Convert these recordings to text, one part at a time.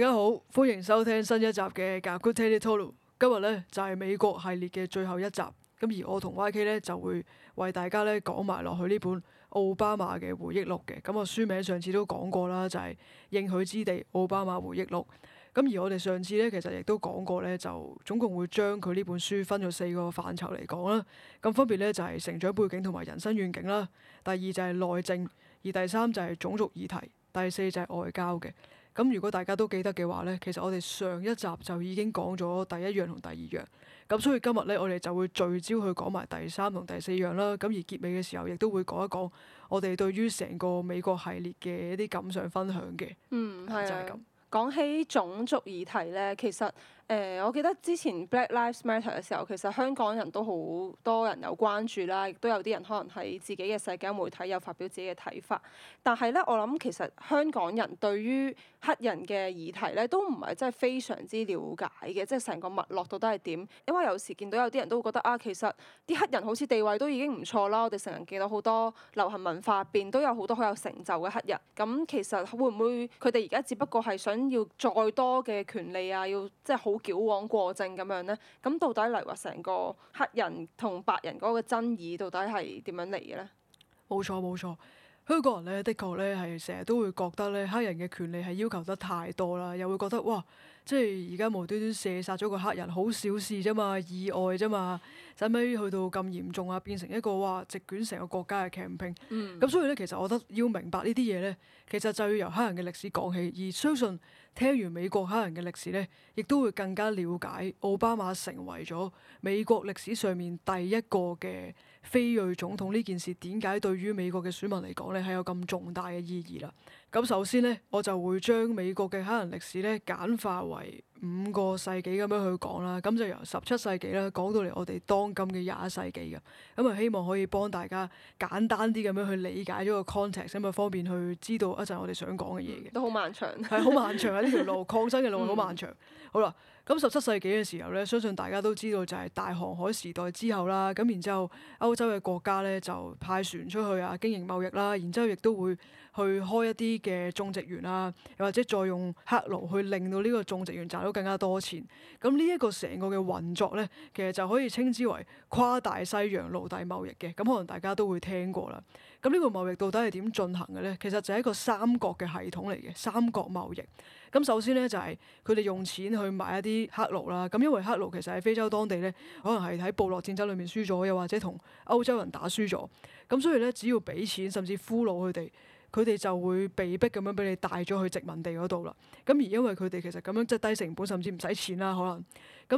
大家好，歡迎收聽新一集嘅《Garcetti Talk》。今日咧就係、是、美國系列嘅最後一集。咁而我同 YK 咧就會為大家咧講埋落去呢本奧巴馬嘅回憶錄嘅。咁啊書名上次都講過啦，就係、是《應許之地：奧巴馬回憶錄》。咁而我哋上次咧其實亦都講過咧，就總共會將佢呢本書分咗四個範疇嚟講啦。咁分別咧就係、是、成長背景同埋人生願景啦。第二就係內政，而第三就係種族議題，第四就係外交嘅。咁如果大家都記得嘅話咧，其實我哋上一集就已經講咗第一樣同第二樣，咁所以今日咧我哋就會聚焦去講埋第三同第四樣啦。咁而結尾嘅時候亦都會講一講我哋對於成個美國系列嘅一啲感想分享嘅。嗯，係啊，就係咁。講起種族議題咧，其實，誒、呃，我記得之前 Black Lives Matter 嘅時候，其實香港人都好多人有關注啦，亦都有啲人可能喺自己嘅社交媒體有發表自己嘅睇法。但係咧，我諗其實香港人對於黑人嘅議題咧，都唔係真係非常之了解嘅，即係成個脈絡度都係點？因為有時見到有啲人都會覺得啊，其實啲黑人好似地位都已經唔錯啦。我哋成日見到好多流行文化入邊都有好多好有成就嘅黑人。咁其實會唔會佢哋而家只不過係想要再多嘅權利啊？要即係好，矯枉過正咁樣咧，咁到底嚟話成個黑人同白人嗰個爭議，到底係點樣嚟嘅咧？冇錯冇錯，香港人咧，的確咧係成日都會覺得咧，黑人嘅權利係要求得太多啦，又會覺得哇，即係而家無端端射殺咗個黑人，好小事啫嘛，意外啫嘛，使乜去到咁嚴重啊？變成一個哇，席捲成個國家嘅 campaign，嗯，咁所以咧，其實我覺得要明白呢啲嘢咧，其實就要由黑人嘅歷史講起，而相信。聽完美國黑人嘅歷史咧，亦都會更加了解奧巴馬成為咗美國歷史上面第一個嘅。非裔總統呢件事點解對於美國嘅選民嚟講咧係有咁重大嘅意義啦？咁首先咧，我就會將美國嘅黑人歷史咧簡化為五個世紀咁樣去講啦。咁就由十七世紀啦講到嚟我哋當今嘅廿一世紀嘅。咁啊希望可以幫大家簡單啲咁樣去理解咗個 context，咁啊方便去知道一陣我哋想講嘅嘢嘅。都好漫長，係好 漫長啊！呢條路抗爭嘅路好漫長。 嗯、好啦。咁十七世紀嘅時候咧，相信大家都知道就係大航海時代之後啦。咁然之後，歐洲嘅國家咧就派船出去啊，經營貿易啦。然之後亦都會去開一啲嘅種植園啦，又或者再用黑奴去令到呢個種植園賺到更加多錢。咁呢一個成個嘅運作咧，其實就可以稱之為跨大西洋奴隸貿易嘅。咁可能大家都會聽過啦。咁呢個貿易到底係點進行嘅咧？其實就係一個三角嘅系統嚟嘅，三角貿易。咁首先咧就係佢哋用錢去買一啲黑奴啦，咁因為黑奴其實喺非洲當地咧，可能係喺部落戰爭裏面輸咗，又或者同歐洲人打輸咗，咁所以咧，只要俾錢，甚至俘虜佢哋，佢哋就會被逼咁樣俾你帶咗去殖民地嗰度啦。咁而因為佢哋其實咁樣即係低成本，甚至唔使錢啦，可能，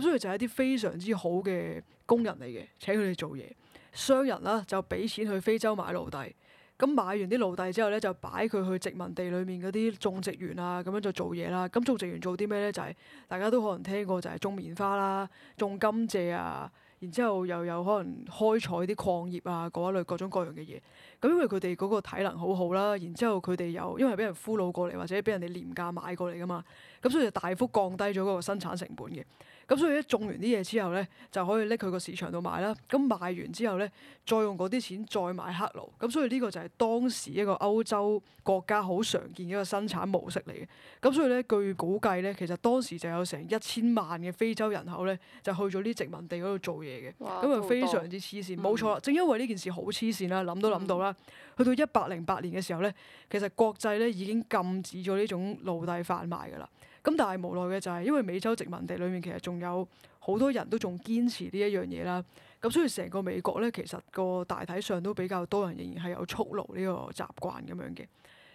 咁所以就係一啲非常之好嘅工人嚟嘅，請佢哋做嘢。商人啦就俾錢去非洲買奴隸。咁買完啲奴隸之後咧，就擺佢去殖民地裏面嗰啲種植園啊，咁樣就做嘢啦。咁種植園做啲咩咧？就係大家都可能聽過，就係種棉花啦、種甘蔗啊，然之後又有可能開採啲礦業啊嗰一類各種各樣嘅嘢。咁因為佢哋嗰個體能好好啦，然之後佢哋又因為俾人俘虜過嚟或者俾人哋廉價買過嚟噶嘛，咁所以就大幅降低咗嗰個生產成本嘅。咁所以咧種完啲嘢之後咧，就可以搦去個市場度賣啦。咁賣完之後咧，再用嗰啲錢再買黑奴。咁所以呢個就係當時一個歐洲國家好常見嘅一個生產模式嚟嘅。咁所以咧，據估計咧，其實當時就有成一千萬嘅非洲人口咧，就去咗啲殖民地嗰度做嘢嘅。咁啊，哇，非常之黐線。冇錯啦，正因為呢件事好黐線啦，諗都諗到啦。嗯、去到一百零八年嘅時候咧，其實國際咧已經禁止咗呢種奴隸販賣㗎啦。咁但係無奈嘅就係因為美洲殖民地裏面其實仲有好多人都仲堅持呢一樣嘢啦，咁所以成個美國咧，其實個大體上都比較多人仍然係有蓄奴呢個習慣咁樣嘅。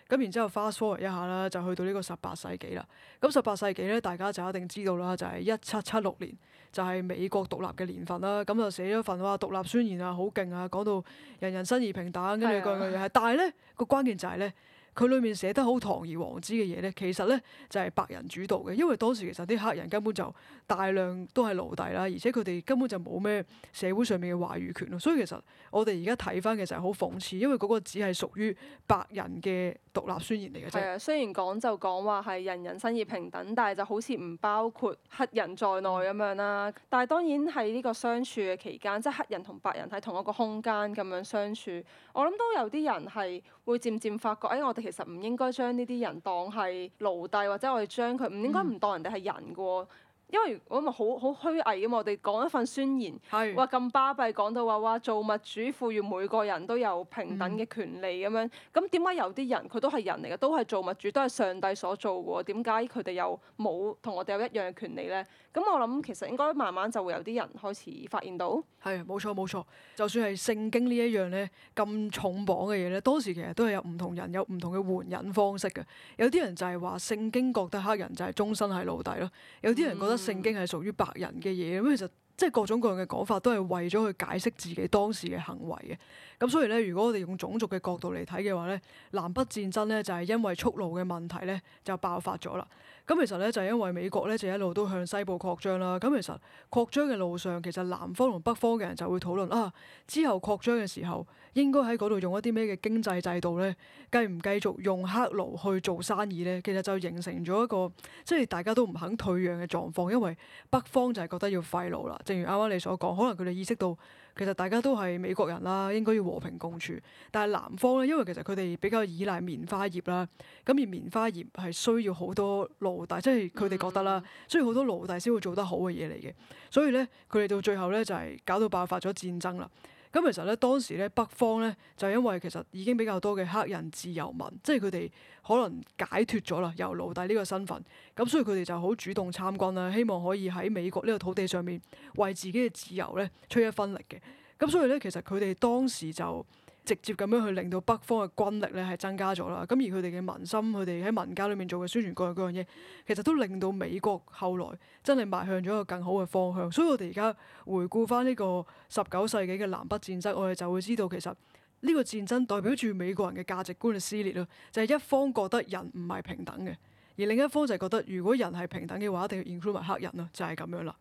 咁然之後 fast forward 一下啦，就去到呢個十八世紀啦。咁十八世紀咧，大家就一定知道啦，就係一七七六年，就係、是、美國獨立嘅年份啦。咁就寫咗份話獨立宣言啊，好勁啊，講到人人生而平等，跟住嗰樣嘢。但係咧個關鍵就係咧。佢裏面寫得好堂而皇之嘅嘢咧，其實咧就係白人主導嘅，因為當時其實啲黑人根本就大量都係奴隸啦，而且佢哋根本就冇咩社會上面嘅話語權咯。所以其實我哋而家睇翻其實係好諷刺，因為嗰個只係屬於白人嘅獨立宣言嚟嘅啫。係啊，雖然講就講話係人人生而平等，但係就好似唔包括黑人在內咁樣啦。但係當然喺呢個相處嘅期間，即係黑人同白人喺同一個空間咁樣相處，我諗都有啲人係會漸漸發覺，誒我哋。其實唔應該將呢啲人當係奴隸，或者我哋將佢唔應該唔當人哋係人嘅喎，嗯、因為我諗咪好好虛偽嘅嘛。我哋講一份宣言，話咁巴閉講到話話造物主賦予每個人都有平等嘅權利咁、嗯、樣，咁點解有啲人佢都係人嚟嘅，都係造物主都係上帝所做嘅喎？點解佢哋又冇同我哋有一樣嘅權利咧？咁我諗其實應該慢慢就會有啲人開始發現到，係冇錯冇錯。就算係聖經呢一樣咧咁重磅嘅嘢咧，當時其實都係有唔同人有唔同嘅援引方式嘅。有啲人就係話聖經覺得黑人就係終身係奴隸咯，有啲人覺得聖經係屬於白人嘅嘢咁。嗯、其實即係各種各樣嘅講法都係為咗去解釋自己當時嘅行為嘅。咁所以咧，如果我哋用種族嘅角度嚟睇嘅話咧，南北戰爭咧就係因為蓄奴嘅問題咧就爆發咗啦。咁其實咧就係因為美國咧就一路都向西部擴張啦。咁其實擴張嘅路上，其實南方同北方嘅人就會討論啊，之後擴張嘅時候應該喺嗰度用一啲咩嘅經濟制度咧，繼唔繼續用黑奴去做生意咧？其實就形成咗一個即係大家都唔肯退讓嘅狀況，因為北方就係覺得要廢奴啦。正如啱啱你所講，可能佢哋意識到其實大家都係美國人啦，應該要。和平共處，但係南方咧，因為其實佢哋比較依賴棉花業啦，咁而棉花業係需要好多奴隸，即係佢哋覺得啦，需要好多奴隸先會做得好嘅嘢嚟嘅，所以咧，佢哋到最後咧就係搞到爆發咗戰爭啦。咁其實咧，當時咧北方咧就因為其實已經比較多嘅黑人自由民，即係佢哋可能解脱咗啦，由奴隸呢個身份，咁所以佢哋就好主動參軍啦，希望可以喺美國呢個土地上面為自己嘅自由咧出一分力嘅。咁所以咧，其實佢哋當時就直接咁樣去令到北方嘅軍力咧係增加咗啦。咁而佢哋嘅民心，佢哋喺民間裏面做嘅宣傳各樣各樣嘢，其實都令到美國後來真係邁向咗一個更好嘅方向。所以我哋而家回顧返呢個十九世紀嘅南北戰爭，我哋就會知道其實呢個戰爭代表住美國人嘅價值觀嘅撕裂咯，就係一方覺得人唔係平等嘅，而另一方就係覺得如果人係平等嘅話，一定要 include 埋黑人咯，就係咁樣啦。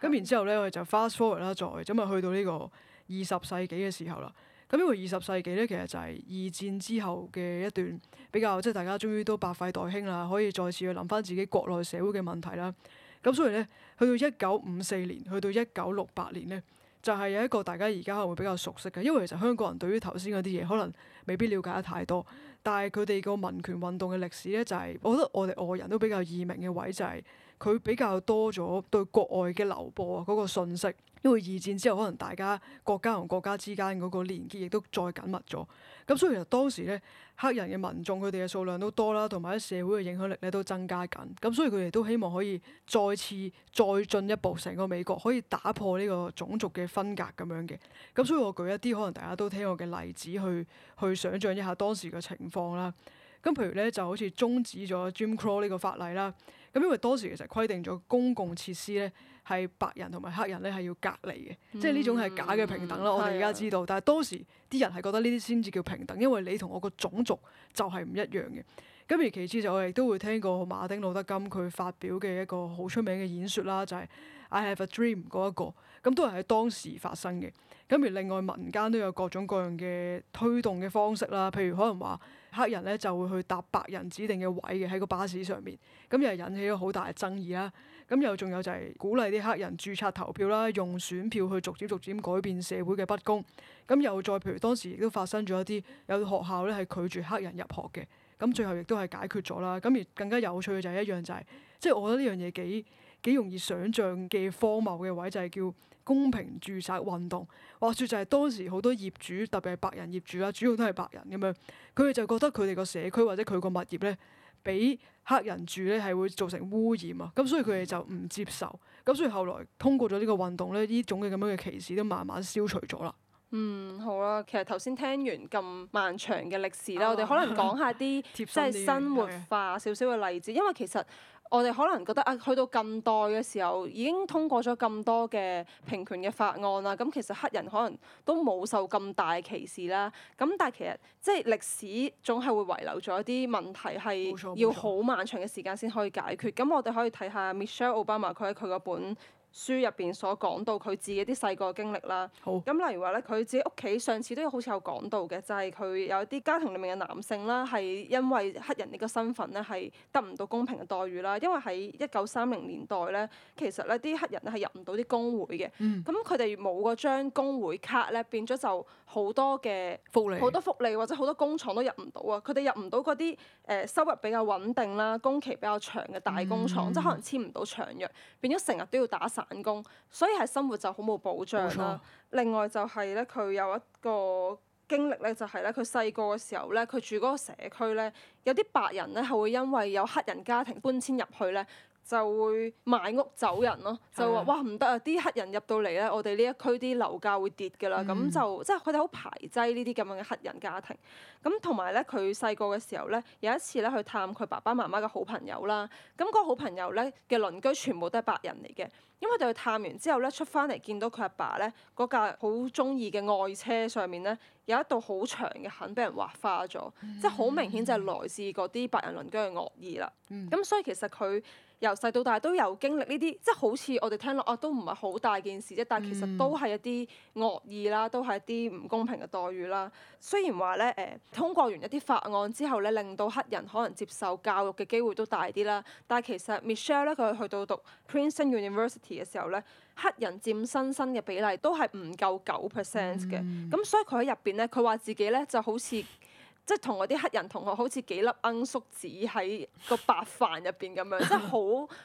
咁然之後咧，我哋就 fast forward 啦，再咁咪去到呢個。二十世紀嘅時候啦，咁因為二十世紀咧，其實就係二戰之後嘅一段比較，即係大家終於都百廢待興啦，可以再次去諗返自己國內社會嘅問題啦。咁所以咧，去到一九五四年，去到一九六八年咧，就係、是、有一個大家而家可能會比較熟悉嘅，因為其實香港人對於頭先嗰啲嘢可能未必了解得太多，但係佢哋個民權運動嘅歷史咧，就係、是、我覺得我哋外人都比較耳聞嘅位，就係、是、佢比較多咗對國外嘅流播啊嗰、那個信息。因為二戰之後，可能大家國家同國家之間嗰個連結亦都再緊密咗。咁所以其實當時咧，黑人嘅民眾佢哋嘅數量都多啦，同埋社會嘅影響力咧都增加緊。咁所以佢哋都希望可以再次再進一步，成個美國可以打破呢個種族嘅分隔咁樣嘅。咁所以我舉一啲可能大家都聽過嘅例子，去去想像一下當時嘅情況啦。咁譬如咧，就好似終止咗 Jim Crow 呢個法例啦。咁因為當時其實規定咗公共設施咧。係白人同埋黑人咧係要隔離嘅，嗯、即係呢種係假嘅平等啦。嗯、我哋而家知道，的但係當時啲人係覺得呢啲先至叫平等，因為你同我個種族就係唔一樣嘅。咁而其次就我哋都會聽過馬丁路德金佢發表嘅一個好出名嘅演說啦，就係、是、I Have A Dream 嗰一、那個。咁都係喺當時發生嘅。咁而另外民間都有各種各樣嘅推動嘅方式啦，譬如可能話黑人咧就會去搭白人指定嘅位嘅喺個巴士上面，咁又引起咗好大嘅爭議啦。咁又仲有就係鼓勵啲黑人註冊投票啦，用選票去逐漸逐漸改變社會嘅不公。咁又再譬如當時亦都發生咗一啲有學校咧係拒絕黑人入學嘅，咁最後亦都係解決咗啦。咁而更加有趣嘅就係一樣就係，即係我覺得呢樣嘢幾幾容易想像嘅荒謬嘅位就係叫公平註冊運動。話説就係當時好多業主，特別係白人業主啦，主要都係白人咁樣，佢哋就覺得佢哋個社區或者佢個物業咧。俾黑人住咧，係會造成污染啊！咁所以佢哋就唔接受。咁所以後來通過咗呢個運動咧，呢種嘅咁樣嘅歧視都慢慢消除咗啦。嗯，好啊。其實頭先聽完咁漫長嘅歷史啦，啊、我哋可能講下啲即係生活化少少嘅例子，的因為其實。我哋可能覺得啊，去到近代嘅時候，已經通過咗咁多嘅平權嘅法案啦。咁、嗯、其實黑人可能都冇受咁大歧視啦。咁、嗯、但係其實即係歷史總係會遺留咗一啲問題，係要好漫長嘅時間先可以解決。咁、嗯嗯嗯嗯嗯嗯嗯、我哋可以睇下 Michelle Obama 佢喺佢嗰本書入邊所講到佢自己啲細個嘅經歷啦，咁好例如話咧，佢自己屋企上次都好有好似有講到嘅，就係、是、佢有啲家庭裡面嘅男性啦，係因為黑人呢個身份咧，係得唔到公平嘅待遇啦。因為喺一九三零年代咧，其實咧啲黑人咧係入唔到啲工會嘅，咁佢哋冇嗰張工會卡咧，變咗就好多嘅福利，好多福利或者好多工廠都入唔到啊。佢哋入唔到嗰啲誒收入比較穩定啦、工期比較長嘅大工廠，嗯、即係可能簽唔到長約，變咗成日都要打。返工，所以係生活就好冇保障啦。沒錯 另外就係咧，佢有一個經歷咧，就係咧，佢細個嘅時候咧，佢住嗰個社區咧，有啲白人咧，係會因為有黑人家庭搬遷入去咧。就會賣屋走人咯，的就話，哇，唔得啊！啲黑人入到嚟咧，我哋呢一區啲樓價會跌㗎啦。咁、嗯、就即係佢哋好排擠呢啲咁樣嘅黑人家庭。咁同埋咧，佢細個嘅時候咧，有一次咧去探佢爸爸媽媽嘅好朋友啦。咁、那、嗰、個、好朋友咧嘅鄰居全部都係白人嚟嘅。因為佢去探完之後咧，出翻嚟見到佢阿爸咧嗰架好中意嘅愛車上面咧有一道好長嘅痕，俾人劃花咗，即係好明顯就係來自嗰啲白人鄰居嘅惡意啦。咁、嗯嗯、所以其實佢。由細到大都有經歷呢啲，即係好似我哋聽落啊，都唔係好大件事啫。但係其實都係一啲惡意啦，都係一啲唔公平嘅待遇啦。雖然話咧誒，通過完一啲法案之後咧，令到黑人可能接受教育嘅機會都大啲啦。但係其實 Michelle 咧，佢去到讀 Princeton University 嘅時候咧，黑人佔新生嘅比例都係唔夠9 percent 嘅。咁、嗯、所以佢喺入邊咧，佢話自己咧就好似。即同我啲黑人同學好似幾粒罌粟子喺個白飯入邊咁樣， 即好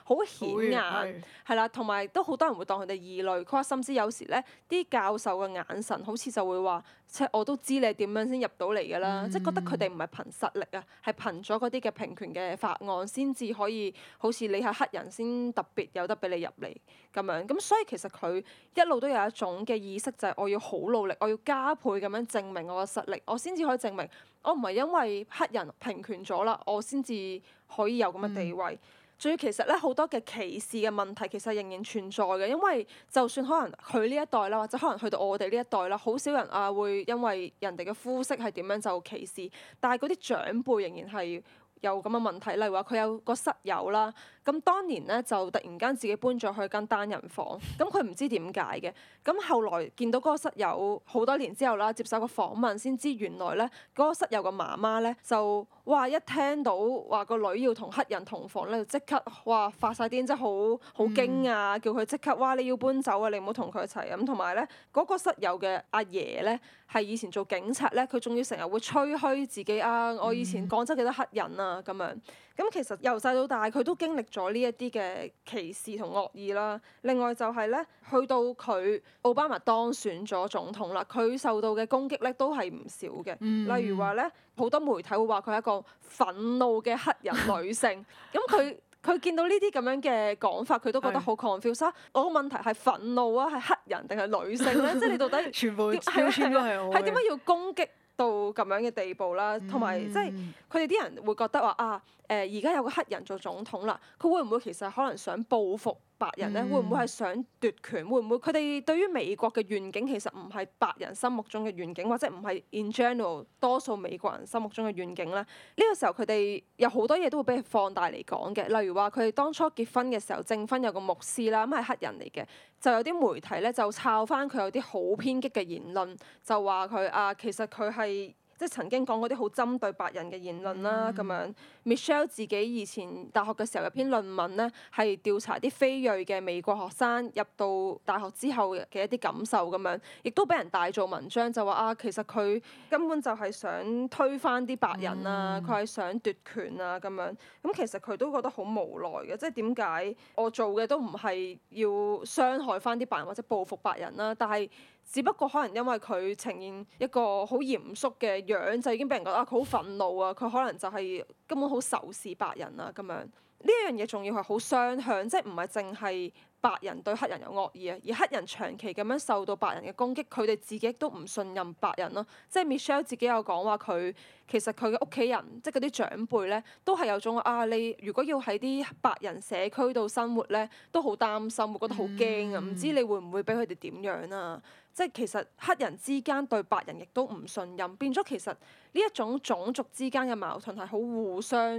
好顯眼係啦，同埋都好多人會當佢哋異類。佢話甚至有時咧，啲教授嘅眼神好似就會話。即係我都知你點樣先入到嚟㗎啦，嗯、即係覺得佢哋唔係憑實力啊，係憑咗嗰啲嘅平權嘅法案先至可以，好似你係黑人先特別有得俾你入嚟咁樣。咁所以其實佢一路都有一種嘅意識，就係、是、我要好努力，我要加倍咁樣證明我嘅實力，我先至可以證明我唔係因為黑人平權咗啦，我先至可以有咁嘅地位。嗯。所以其實咧，好多嘅歧視嘅問題，其實仍然存在嘅，因為就算可能佢呢一代啦，或者可能去到我哋呢一代啦，好少人啊會因為人哋嘅膚色係點樣就歧視，但係嗰啲長輩仍然係。有咁嘅問題，例如話佢有個室友啦，咁當年咧就突然間自己搬咗去間單人房，咁佢唔知點解嘅，咁後來見到嗰個室友好多年之後啦，接受個訪問先知原來咧嗰個室友嘅媽媽咧就哇一聽到話個女要同黑人同房咧，就即刻哇發晒癲，即係好好驚啊，叫佢即刻哇你要搬走啊，你唔好同佢一齊啊，咁同埋咧嗰個室友嘅阿爺咧。係以前做警察咧，佢仲要成日會吹噓自己啊！我以前廣州幾多黑人啊咁樣。咁、嗯、其實由細到大，佢都經歷咗呢一啲嘅歧視同惡意啦。另外就係咧，去到佢奧巴馬當選咗總統啦，佢受到嘅攻擊咧都係唔少嘅。嗯、例如話咧，好多媒體會話佢係一個憤怒嘅黑人女性。咁佢。佢見到呢啲咁樣嘅講法，佢都覺得好 confusing 是、啊、我個問題係憤怒啊，係黑人定係女性咧、啊？ 即係你到底 全部係是全部係，點解要攻擊到咁樣嘅地步啦、啊？同埋、嗯、即係佢哋啲人會覺得話啊。誒而家有個黑人做總統啦，佢會唔會其實可能想報復白人咧？嗯、會唔會係想奪權？會唔會佢哋對於美國嘅願景其實唔係白人心目中嘅願景，或者唔係 in general 多數美國人心目中嘅願景咧？呢個時候佢哋有好多嘢都會俾佢放大嚟講嘅，例如話佢哋當初結婚嘅時候證婚有個牧師啦，咁係黑人嚟嘅，就有啲媒體咧就抄返佢有啲好偏激嘅言論，就話佢啊其實佢係。即係曾經講嗰啲好針對白人嘅言論啦，咁、嗯、樣 Michelle 自己以前大學嘅時候有篇論文呢，係調查啲非裔嘅美國學生入到大學之後嘅一啲感受咁樣，亦都俾人大做文章，就話啊其實佢根本就係想推翻啲白人啊，佢係、嗯、想奪權啊咁樣。咁其實佢都覺得好無奈嘅，即係點解我做嘅都唔係要傷害翻啲白人或者報復白人啦，但係。只不過可能因為佢呈現一個好嚴肅嘅樣，就已經俾人覺得啊，佢好憤怒啊！佢可能就係根本好仇視白人啊！咁樣呢一樣嘢仲要係好雙向，即係唔係淨係白人對黑人有惡意啊？而黑人長期咁樣受到白人嘅攻擊，佢哋自己都唔信任白人咯。即係 Michelle 自己有講話佢其實佢嘅屋企人，即係嗰啲長輩咧，都係有種啊你如果要喺啲白人社區度生活咧，都好擔心，會覺得好驚啊！唔、嗯、知你會唔會俾佢哋點樣啊？即係其實黑人之間對白人亦都唔信任，變咗其實呢一種種族之間嘅矛盾係好互相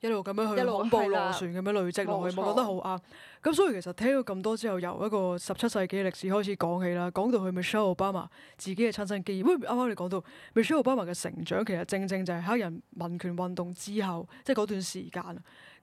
一路咁樣去，一路報螺旋咁樣累積落去，錯我覺得好啱。咁所以其實聽咗咁多之後，由一個十七世紀嘅歷史開始講起啦，講到佢 Michelle Obama 自己嘅親身經驗。喂，啱啱你講到 Michelle Obama 嘅成長，其實正正就係黑人民權運動之後，即係嗰段時間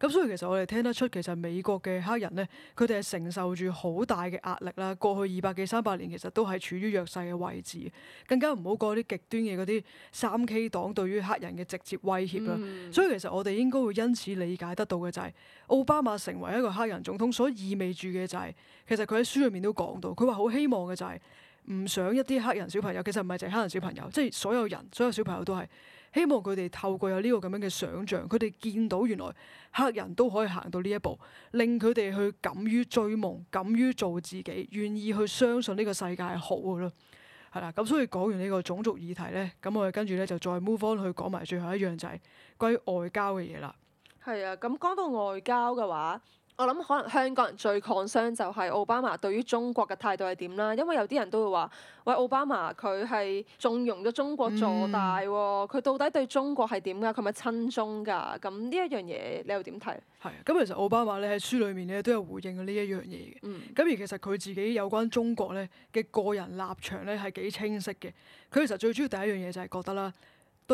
咁所以其實我哋聽得出，其實美國嘅黑人呢，佢哋係承受住好大嘅壓力啦。過去二百幾三百年，其實都係處於弱勢嘅位置，更加唔好講啲極端嘅嗰啲三 K 黨對於黑人嘅直接威脅啦。嗯、所以其實我哋應該會因此理解得到嘅就係、是、奧巴馬成為一個黑人總統所意味住嘅就係、是，其實佢喺書入面都講到，佢話好希望嘅就係唔想一啲黑人小朋友，其實唔係淨係黑人小朋友，即、就、係、是、所有人、所有小朋友都係。希望佢哋透過有呢個咁樣嘅想像，佢哋見到原來黑人都可以行到呢一步，令佢哋去敢於追夢、敢於做自己、願意去相信呢個世界係好嘅咯。係啦，咁所以講完呢個種族議題呢，咁我哋跟住呢就再 move on 去講埋最後一樣，就係、是、關於外交嘅嘢啦。係啊，咁講到外交嘅話。我諗可能香港人最抗商就係奧巴馬對於中國嘅態度係點啦，因為有啲人都會話：喂，奧巴馬佢係縱容咗中國做大喎、哦，佢、嗯、到底對中國係點㗎？佢咪親中㗎？咁呢一樣嘢你又點睇？係咁，其實奧巴馬咧喺書裡面咧都有回應過呢一樣嘢嘅。咁、嗯、而其實佢自己有關中國咧嘅個人立場咧係幾清晰嘅。佢其實最主要第一樣嘢就係覺得啦。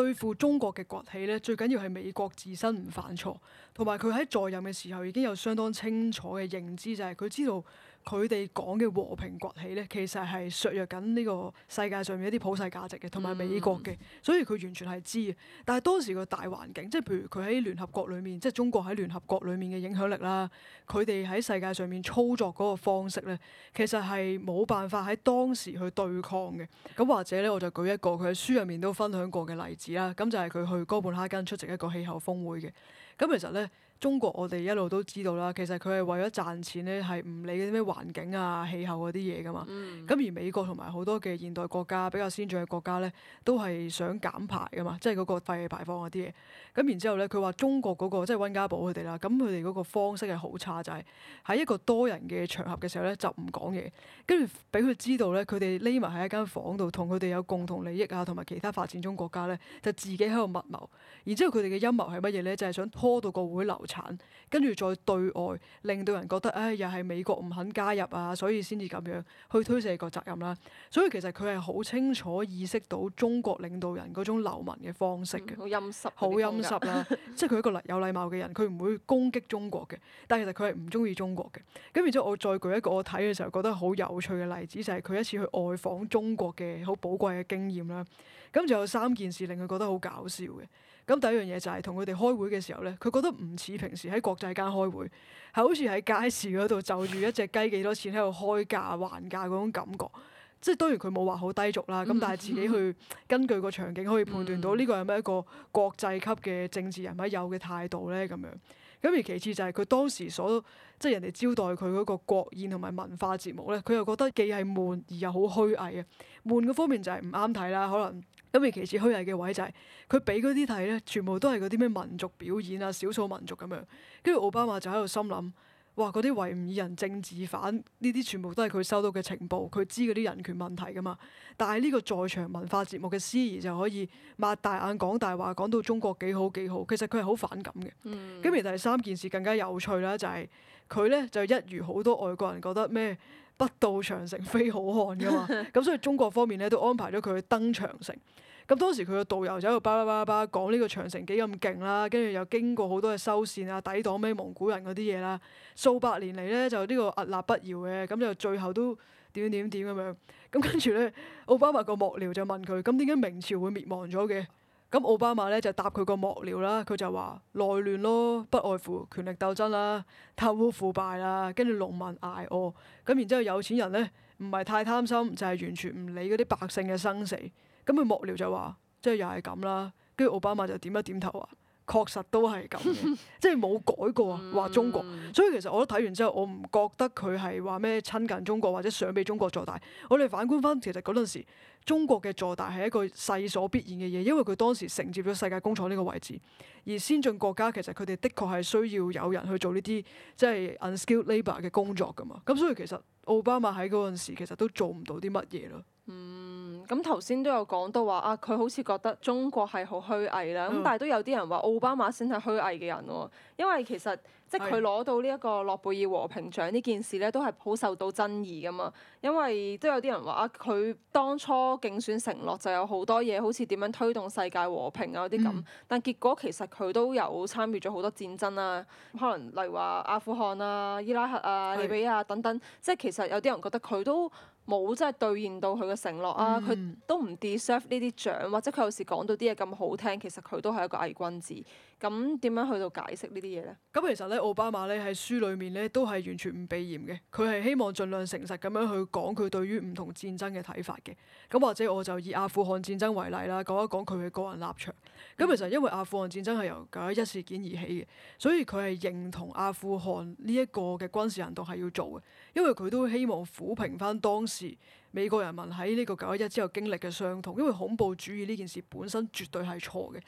對付中國嘅崛起咧，最緊要係美國自身唔犯錯，同埋佢喺在任嘅時候已經有相當清楚嘅認知，就係佢知道。佢哋講嘅和平崛起呢，其實係削弱緊呢個世界上面一啲普世價值嘅，同埋美國嘅，所以佢完全係知嘅。但係當時個大環境，即係譬如佢喺聯合國裡面，即係中國喺聯合國裡面嘅影響力啦，佢哋喺世界上面操作嗰個方式呢，其實係冇辦法喺當時去對抗嘅。咁或者呢，我就舉一個佢喺書入面都分享過嘅例子啦。咁就係佢去哥本哈根出席一個氣候峰會嘅。咁其實呢。中國我哋一路都知道啦，其實佢係為咗賺錢咧，係唔理啲咩環境啊、氣候嗰啲嘢噶嘛。咁、嗯、而美國同埋好多嘅現代國家比較先進嘅國家咧，都係想減排噶嘛，即係嗰個廢氣排放嗰啲嘢。咁然之後咧，佢話中國嗰、那個即係溫家寶佢哋啦，咁佢哋嗰個方式係好差，就係、是、喺一個多人嘅場合嘅時候咧就唔講嘢，跟住俾佢知道咧，佢哋匿埋喺一間房度，同佢哋有共同利益啊，同埋其他發展中國家咧就自己喺度密謀。然之後佢哋嘅陰謀係乜嘢咧？就係、是、想拖到個會流產，跟住再對外令到人覺得，唉、哎，又係美國唔肯加入啊，所以先至咁樣去推卸個責任啦。所以其實佢係好清楚意識到中國領導人嗰種流民嘅方式嘅，好、嗯、陰濕，好陰濕啦。 即係佢一個禮有禮貌嘅人，佢唔會攻擊中國嘅，但係其實佢係唔中意中國嘅。咁然之後我再舉一個我睇嘅時候覺得好有趣嘅例子，就係、是、佢一次去外訪中國嘅好寶貴嘅經驗啦。咁就有三件事令佢覺得好搞笑嘅。咁第一樣嘢就係同佢哋開會嘅時候咧，佢覺得唔似平時喺國際間開會，係好似喺街市嗰度就住一隻雞幾多錢喺度開價還價嗰種感覺。即係當然佢冇話好低俗啦，咁但係自己去根據個場景可以判斷到呢個係咪一個國際級嘅政治人物有嘅態度咧咁樣。咁而其次就係、是、佢當時所即係人哋招待佢嗰個國宴同埋文化節目咧，佢又覺得既係悶而又好虛偽啊！悶嘅方面就係唔啱睇啦，可能。咁而其次虛偽嘅位就係佢俾嗰啲題呢，全部都係嗰啲咩民族表演啊、少數民族咁樣。跟住奧巴馬就喺度心諗，哇嗰啲維吾爾人政治犯，呢啲，全部都係佢收到嘅情報，佢知嗰啲人權問題噶嘛。但係呢個在場文化節目嘅司儀就可以擘大眼講大話，講到中國幾好幾好。其實佢係好反感嘅。咁、嗯、而第三件事更加有趣啦，就係佢呢，就一如好多外國人覺得咩？不到長城非好漢㗎嘛，咁所以中國方面咧都安排咗佢去登長城。咁當時佢個導遊就喺度巴拉巴拉巴拉講呢個長城幾咁勁啦，跟住又經過好多嘅修繕啊，抵擋咩蒙古人嗰啲嘢啦，數百年嚟咧就呢個屹立不搖嘅，咁就最後都點點點咁樣。咁跟住咧，奧巴馬個幕僚就問佢：咁點解明朝會滅亡咗嘅？咁奧巴馬咧就答佢個幕僚啦，佢就話內亂咯，不外乎權力鬥爭啦、貪污腐敗啦，跟住農民挨餓，咁然之後有錢人咧唔係太貪心，就係完全唔理嗰啲百姓嘅生死。咁佢幕僚就話，即係又係咁啦，跟住奧巴馬就點一點頭啊。確實都係咁，即係冇改過話中國， 所以其實我都睇完之後，我唔覺得佢係話咩親近中國或者想俾中國做大。我哋反觀返，其實嗰陣時中國嘅做大係一個勢所必然嘅嘢，因為佢當時承接咗世界工廠呢個位置，而先進國家其實佢哋的確係需要有人去做呢啲即係、就是、unskilled labour 嘅工作㗎嘛。咁所以其實奧巴馬喺嗰陣時其實都做唔到啲乜嘢咯。咁頭先都有講到話啊，佢好似覺得中國係好虛偽啦。咁、oh. 但係都有啲人話奧巴馬先係虛偽嘅人喎，因為其實即佢攞到呢一個諾貝爾和平獎呢件事咧，都係好受到爭議噶嘛。因為都有啲人話啊，佢當初競選承諾就有好多嘢，好似點樣推動世界和平啊嗰啲咁。Mm. 但結果其實佢都有參與咗好多戰爭啦，可能例如話阿富汗啊、伊拉克啊、利比亞等等，是即係其實有啲人覺得佢都冇真係兌現到佢嘅承諾啊！佢、嗯、都唔 deserve 呢啲獎，或者佢有時講到啲嘢咁好聽，其實佢都係一個偽君子。咁點樣去到解釋呢啲嘢咧？咁其實咧，奧巴馬咧喺書裡面咧都係完全唔避嫌嘅。佢係希望儘量誠實咁樣去講佢對於唔同戰爭嘅睇法嘅。咁或者我就以阿富汗戰爭為例啦，講一講佢嘅個人立場。咁、嗯、其實因為阿富汗戰爭係由九一一事件而起嘅，所以佢係認同阿富汗呢一個嘅軍事行動係要做嘅。因為佢都希望撫平翻當時美國人民喺呢個九一一之後經歷嘅傷痛，因為恐怖主義呢件事本身絕對係錯嘅。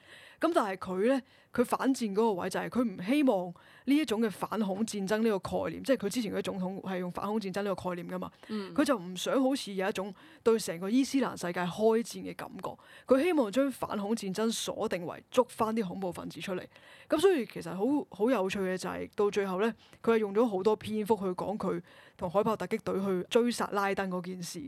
咁但係佢呢，佢反戰嗰個位就係佢唔希望呢一種嘅反恐戰爭呢個概念，即係佢之前嗰啲總統係用反恐戰爭呢個概念㗎嘛，佢、嗯、就唔想好似有一種對成個伊斯蘭世界開戰嘅感覺，佢希望將反恐戰爭鎖定為捉翻啲恐怖分子出嚟。咁所以其實好好有趣嘅就係、是、到最後呢，佢係用咗好多篇幅去講佢同海豹突擊隊去追殺拉登嗰件事。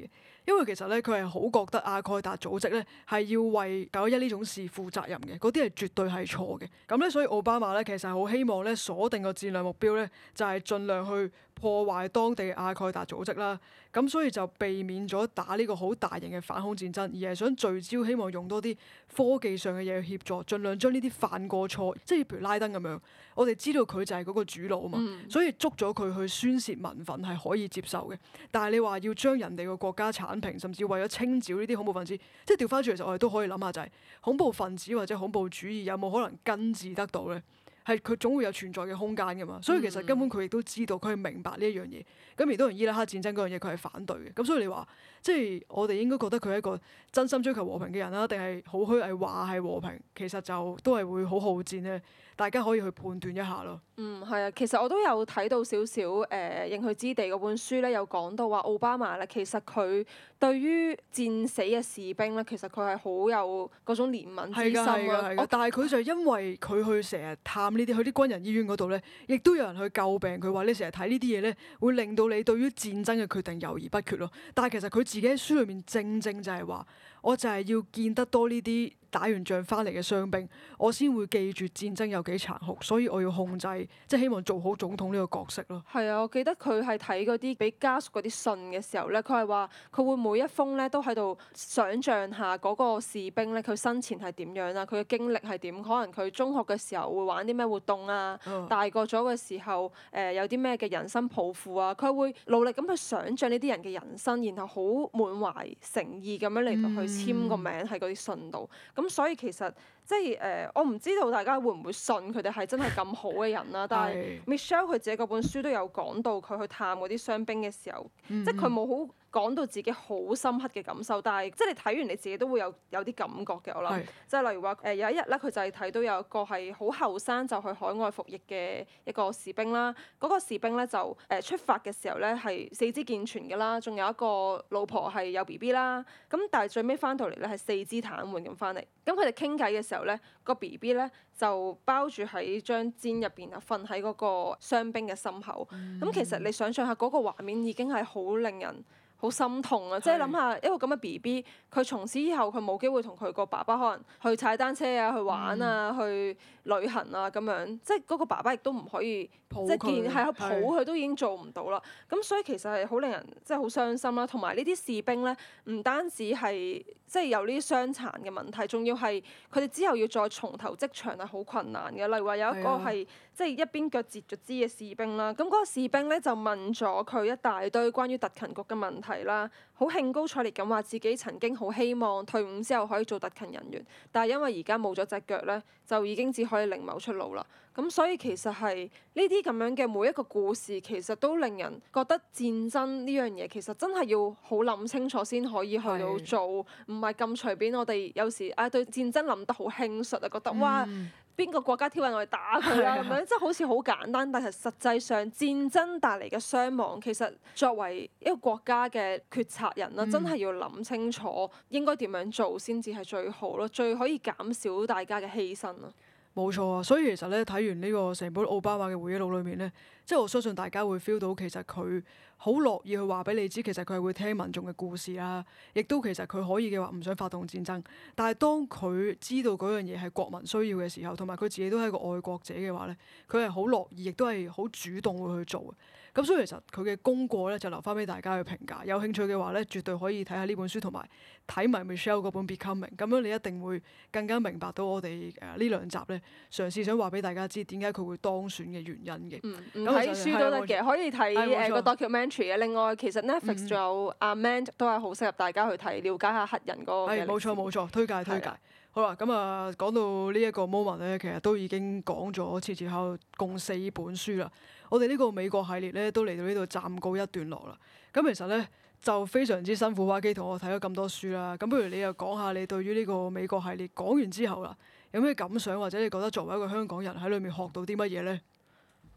因為其實呢，佢係好覺得阿蓋達組織呢係要為九一呢種事負責任嘅，嗰啲係絕對係錯嘅。咁呢，所以奧巴馬呢，其實係好希望呢鎖定個戰略目標呢，就係盡量去破壞當地嘅阿蓋達組織啦。咁所以就避免咗打呢個好大型嘅反恐戰爭，而係想聚焦，希望用多啲科技上嘅嘢去協助，盡量將呢啲犯過錯，即係譬如拉登咁樣，我哋知道佢就係嗰個主腦啊嘛，嗯、所以捉咗佢去宣洩民憤係可以接受嘅。但係你話要將人哋個國家剷平，甚至為咗清剿呢啲恐怖分子，即係調翻轉嚟，我哋都可以諗下就係、是、恐怖分子或者恐怖主義有冇可能根治得到呢？係佢總會有存在嘅空間㗎嘛，所以其實根本佢亦都知道，佢係明白呢一樣嘢。咁而都同伊拉克戰爭嗰樣嘢，佢係反對嘅。咁所以你話，即係我哋應該覺得佢係一個真心追求和平嘅人啦，定係好虛偽話係和平，其實就都係會好好戰咧？大家可以去判斷一下咯。嗯，係啊，其實我都有睇到少少誒《應、呃、許之地》嗰本書咧，有講到話奧巴馬咧，其實佢對於戰死嘅士兵咧，其實佢係好有嗰種憐憫之心咯。係啊，但係佢就因為佢去成日探。你哋去啲軍人醫院嗰度咧，亦都有人去詬病。佢話：你成日睇呢啲嘢咧，會令到你對於戰爭嘅決定猶豫不決咯。但係其實佢自己喺書裏面正正就係話：我就係要見得多呢啲。打完仗翻嚟嘅傷兵，我先會記住戰爭有幾殘酷，所以我要控制，即係希望做好總統呢個角色咯。係啊，我記得佢係睇嗰啲俾家屬嗰啲信嘅時候咧，佢係話佢會每一封咧都喺度想像下嗰個士兵咧，佢生前係點樣啊，佢嘅經歷係點，可能佢中學嘅時候會玩啲咩活動啊，嗯、大個咗嘅時候誒、呃、有啲咩嘅人生抱負啊，佢會努力咁去想像呢啲人嘅人生，然後好滿懷誠意咁樣嚟到去簽個名喺嗰啲信度。嗯咁、嗯、所以其實即係誒、呃、我唔知道大家會唔會信佢哋係真係咁好嘅人啦。 但係 Michelle 佢自己嗰本書都有講到，佢去探嗰啲傷兵嘅時候，嗯嗯，即係佢冇好，講到自己好深刻嘅感受，但係即係你睇完你自己都會有有啲感覺嘅，我諗。即係是例如話誒有一日咧，佢就係睇到有一個係好後生就去海外服役嘅一個士兵啦。嗰個士兵咧就誒出發嘅時候咧係四肢健全嘅啦，仲有一個老婆係有 B B 啦。咁但係最尾翻到嚟咧係四肢癱瘓咁翻嚟。咁佢哋傾偈嘅時候咧，個 B B 咧就包住喺張氈入邊瞓喺嗰個傷兵嘅心口。咁、嗯、其實你想象下嗰個畫面已經係好令人～好心痛啊！是即係諗下一個咁嘅 bb，佢從此以後，佢冇機會同佢個爸爸可能去踩單車啊、去玩啊、嗯、去旅行啊咁樣，即係嗰個爸爸亦都唔可以。即係健係啊，抱佢都已經做唔到啦。咁是所以其實係好令人即係好傷心啦。同埋呢啲士兵咧，唔單止係即係有呢啲傷殘嘅問題，仲要係佢哋之後要再重投職場係好困難嘅。例如話有一個係即係一邊腳截咗肢嘅士兵啦，咁嗰個士兵咧就問咗佢一大堆關於特勤局嘅問題啦。好興高采烈咁話自己曾經好希望退伍之後可以做特勤人員，但係因為而家冇咗隻腳咧，就已經只可以另謀出路啦。咁所以其實係呢啲咁樣嘅每一個故事，其實都令人覺得戰爭呢樣嘢其實真係要好諗清楚先可以去到做，唔係咁隨便。我哋有時啊對戰爭諗得好輕率啊，覺得哇～、嗯邊個國家挑釁我哋打佢啊？咁的樣即係、就是、好似好簡單，但係實際上戰爭帶嚟嘅傷亡，其實作為一個國家嘅決策人啦，嗯、真係要諗清楚應該點樣做先至係最好咯，最可以減少大家嘅犧牲啦。冇錯啊，所以其實呢，睇完呢個成本奧巴馬嘅回憶錄裏面呢，即係我相信大家會 feel 到其實佢好樂意去話俾你知，其實佢係會聽民眾嘅故事啦、啊，亦都其實佢可以嘅話唔想發動戰爭，但係當佢知道嗰樣嘢係國民需要嘅時候，同埋佢自己都係一個愛國者嘅話呢，佢係好樂意，亦都係好主動會去做。咁所以其實佢嘅功過咧就留翻俾大家去評價。有興趣嘅話咧，絕對可以睇下呢本書同埋睇埋 Michelle 嗰本《Becoming》。咁樣你一定會更加明白到我哋誒、呃、呢兩集咧，嘗試想話俾大家知點解佢會當選嘅原因嘅。嗯，睇書都得嘅，可以睇誒個 documentary 嘅。另外，其實 Netflix 仲有《Amend》都係好適合大家去睇，了解下黑人嗰個。冇錯冇錯，推介推介。好啦，咁啊講到呢一個 moment 咧，其實都已經講咗次次後共四本書啦。我哋呢個美國系列咧，都嚟到呢度暫告一段落啦。咁其實咧就非常之辛苦，花基同我睇咗咁多書啦。咁不如你又講下你對於呢個美國系列講完之後啦，有咩感想，或者你覺得作為一個香港人喺裏面學到啲乜嘢咧？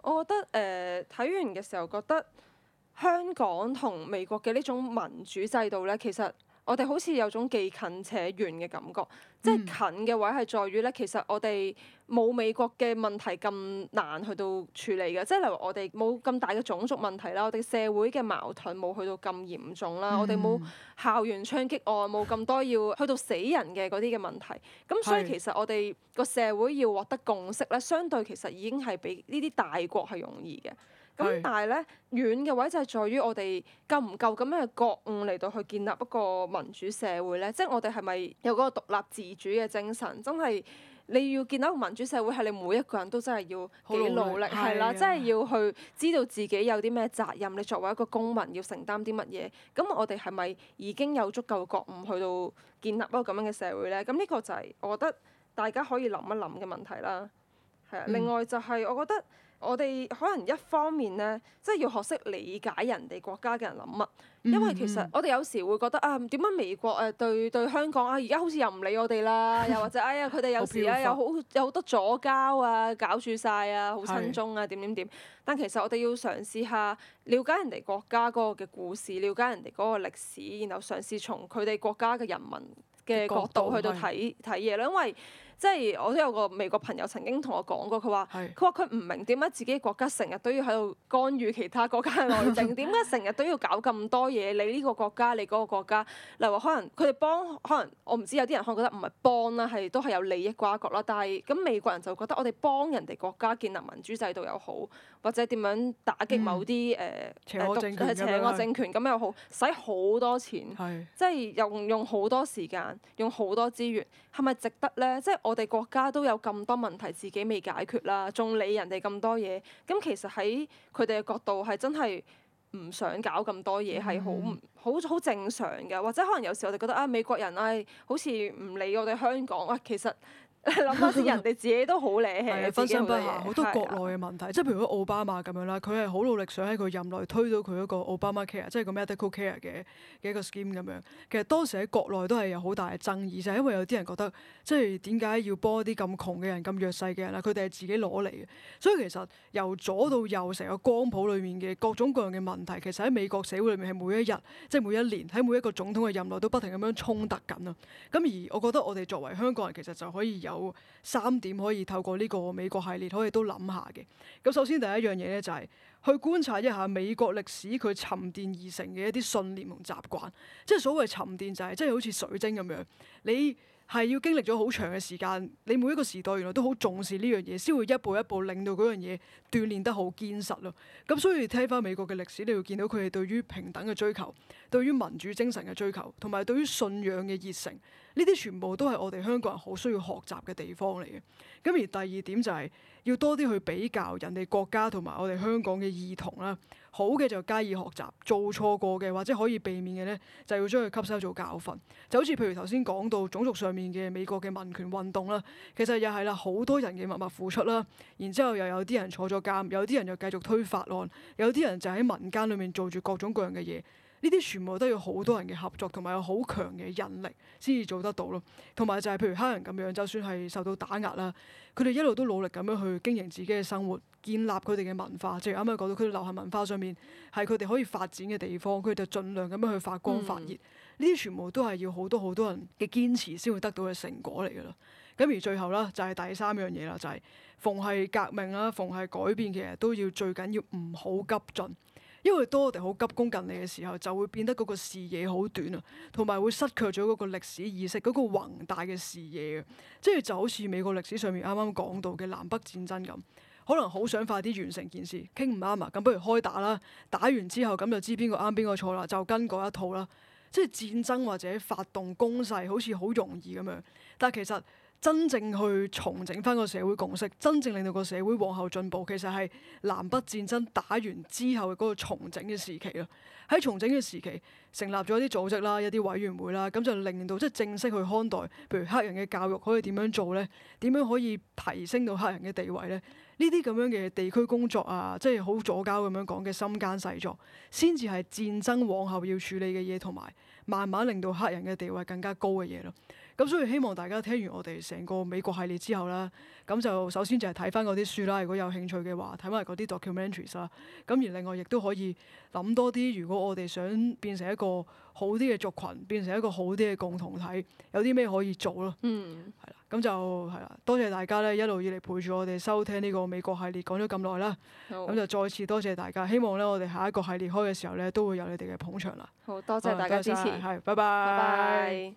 我覺得誒，呃、睇完嘅時候覺得香港同美國嘅呢種民主制度咧，其實。我哋好似有種既近且遠嘅感覺，即係近嘅位係在於咧，其實我哋冇美國嘅問題咁難去到處理嘅，即係例如我哋冇咁大嘅種族問題啦，我哋社會嘅矛盾冇去到咁嚴重啦，嗯、我哋冇校園槍擊案冇咁多要去到死人嘅嗰啲嘅問題，咁所以其實我哋個社會要獲得共識咧，相對其實已經係比呢啲大國係容易嘅。咁但係咧遠嘅位就係在於我哋夠唔夠咁樣嘅覺悟嚟到去建立一個民主社會咧，即係我哋係咪有嗰個獨立自主嘅精神？真係你要建立一個民主社會，係你每一個人都真係要幾努力係啦，真係要去知道自己有啲咩責任。你作為一個公民，要承擔啲乜嘢？咁我哋係咪已經有足夠覺悟去到建立一個咁樣嘅社會咧？咁呢個就係我覺得大家可以諗一諗嘅問題啦。係啊，另外就係我覺得我哋可能一方面咧，即、就、係、是、要學識理解人哋國家嘅人諗乜、啊，因為其實我哋有時會覺得啊，點解美國誒、啊、對對香港啊，而家好似又唔理我哋啦，又或者哎呀佢哋有時啊， 浮好有好有好多左膠啊，搞住晒啊，好親中啊，點點點。但其實我哋要嘗試下了解人哋國家嗰個嘅故事，了解人哋嗰個歷史，然後嘗試從佢哋國家嘅人民嘅角度去到睇睇嘢咯，因為。即係我都有個美國朋友曾經同我講過，佢話佢話佢唔明點解自己國家成日都要喺度干預其他國家嘅內政，點解成日都要搞咁多嘢？你呢個國家，你嗰個國家，例如可能佢哋幫，可能我唔知有啲人可能覺得唔係幫啦，係都係有利益瓜葛啦。但係咁美國人就覺得我哋幫人哋國家建立民主制度又好，或者點樣打擊某啲誒獨，嘅邪惡政權咁又、呃、好，使好多錢，即係是用用好多時間，用好多資源，係咪值得咧？即係。我哋國家都有咁多問題，自己未解決啦，仲理人哋咁多嘢？咁其實喺佢哋嘅角度係真係唔想搞咁多嘢，係好唔好好正常嘅。或者可能有時我哋覺得啊，美國人啊，好似唔理我哋香港啊，其實。你諗多次， 人哋自己都好僆， 對分身不下好多國內嘅問題，即係譬如講奧巴馬咁樣啦，佢係好努力想喺佢任內推到佢一個奧巴馬 care，即係個 medical care 嘅嘅一個 scheme 咁樣。其實當時喺國內都係有好大嘅爭議，就係因為有啲人覺得，即係點解要幫一啲咁窮嘅人、咁弱勢嘅人啊？佢哋係自己攞嚟，所以其實由左到右成個光譜裏面嘅各種各樣嘅問題，其實喺美國社會裏面係每一日，即係每一年喺每一個總統嘅任內都不停咁樣衝突緊啊。咁而我覺得我哋作為香港人，其實就可以有，三點可以透過呢個美國系列，可以都諗下嘅。咁首先第一樣嘢呢，就係，就係去觀察一下美國歷史佢沉澱而成嘅一啲信念同習慣，即係所謂沉澱就係即係好似水晶咁樣你。係要經歷咗好長嘅時間，你每一個時代原來都好重視呢樣嘢，先會一步一步令到嗰樣嘢鍛鍊得好堅實咯。咁所以睇返美國嘅歷史，你會見到佢哋對於平等嘅追求，對於民主精神嘅追求，同埋對於信仰嘅熱誠，呢啲全部都係我哋香港人好需要學習嘅地方嚟嘅。咁而第二點就係、是，要多啲去比較人哋國家同埋我哋香港嘅異同啦。好嘅就加以學習，做錯過嘅或者可以避免嘅呢，就要將佢吸收做教訓。就好似譬如頭先講到種族上面嘅美國嘅民權運動啦，其實又係啦，好多人嘅默默付出啦，然之後又有啲人坐咗監，有啲人又繼續推法案，有啲人就喺民間裏面做住各種各樣嘅嘢。呢啲全部都要好多人嘅合作，同埋有好強嘅韌力先至做得到咯。同埋就係譬如黑人咁樣，就算係受到打壓啦，佢哋一路都努力咁樣去經營自己嘅生活，建立佢哋嘅文化。即係啱啱講到，佢哋流行文化上面係佢哋可以發展嘅地方，佢哋就盡量咁樣去發光發熱。呢啲、嗯、全部都係要好多好多人嘅堅持先會得到嘅成果嚟㗎啦。咁而最後啦，就係第三樣嘢啦，就係逢係革命啊，逢係改變其實都要最緊要唔好急進。因為當我哋好急功近利嘅時候，就會變得嗰個視野好短啊，同埋會失去咗嗰個歷史意識，嗰個宏大嘅視野啊。即係就好似美國歷史上面啱啱講到嘅南北戰爭咁，可能好想快啲完成件事，傾唔啱啊，咁不如開打啦！打完之後咁就知邊個啱邊個錯啦，就跟嗰一套啦。即係戰爭或者發動攻勢，好似好容易咁樣，但係其實。真正去重整翻個社會共識，真正令到個社會往後進步，其實係南北戰爭打完之後嗰個重整嘅時期咯。喺重整嘅時期，成立咗一啲組織啦，一啲委員會啦，咁就令到即係、就是、正式去看待，譬如黑人嘅教育可以點樣做咧？點樣可以提升到黑人嘅地位咧？呢啲咁樣嘅地區工作啊，即係好左膠咁樣講嘅深耕細作，先至係戰爭往後要處理嘅嘢，同埋慢慢令到黑人嘅地位更加高嘅嘢咯。咁所以希望大家聽完我哋成個美國系列之後啦，咁就首先就係睇翻嗰啲書啦。如果有興趣嘅話，睇翻嗰啲 documentaries 啦。咁而另外亦都可以諗多啲，如果我哋想變成一個好啲嘅族群，變成一個好啲嘅共同體，有啲咩可以做咯？嗯，係啦，咁、嗯嗯、就係啦。多謝大家咧，一路以嚟陪住我哋收聽呢個美國系列，講咗咁耐啦。咁就再次多謝大家。希望咧，我哋下一個系列開嘅時候咧，都會有你哋嘅捧場啦。好多謝大家支持，多謝拜拜支持，係，拜拜。拜拜。